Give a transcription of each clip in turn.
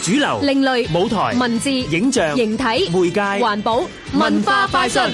主流、另類、舞台、文字、影像、形體、媒介、環保、文化、快訊。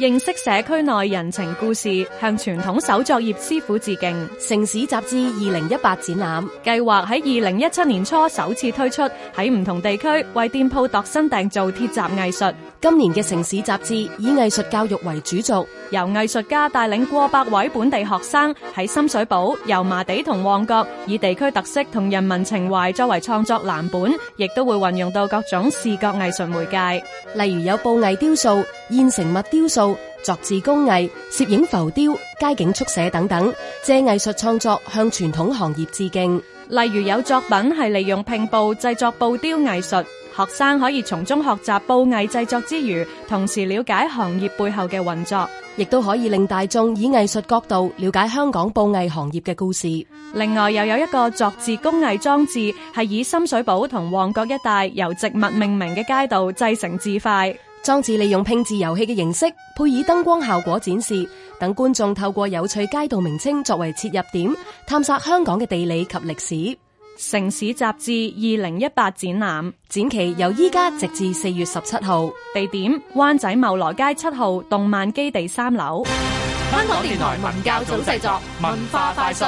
認識社區內人情故事，向傳統手作業師傅致敬。城市雜誌二零一八展覽計劃喺二零一七年初首次推出，喺唔同地區為店鋪度身訂造鐵閘藝術。今年嘅城市雜誌以藝術教育為主軸，由藝術家帶領過百位本地學生喺深水埗、油麻地同旺角，以地區特色同人民情懷作為創作藍本，亦都會運用到各種視覺藝術媒介，例如有布藝雕塑。現成物雕塑、作字工藝、攝影浮雕、街景速寫等等，借藝術創作向傳統行業致敬。例如有作品係利用拼布製作布雕藝術，學生可以從中學習布藝製作之餘，同時了解行業背後嘅運作，亦都可以令大眾以藝術角度了解香港布藝行業嘅故事。另外又有一個作字工藝裝置，係以深水埗同旺角一帶由植物命名嘅街道製成字塊。裝置利用拼字遊戲嘅形式，配以燈光效果展示，等觀眾透過有趣街道名稱作為切入點，探索香港嘅地理及歷史。《城市雜誌二零一八展覽》展期由依家直至四月十七號，地點灣仔茂蘿街七號動漫基地三樓。香港電台文教組製作文化快訊。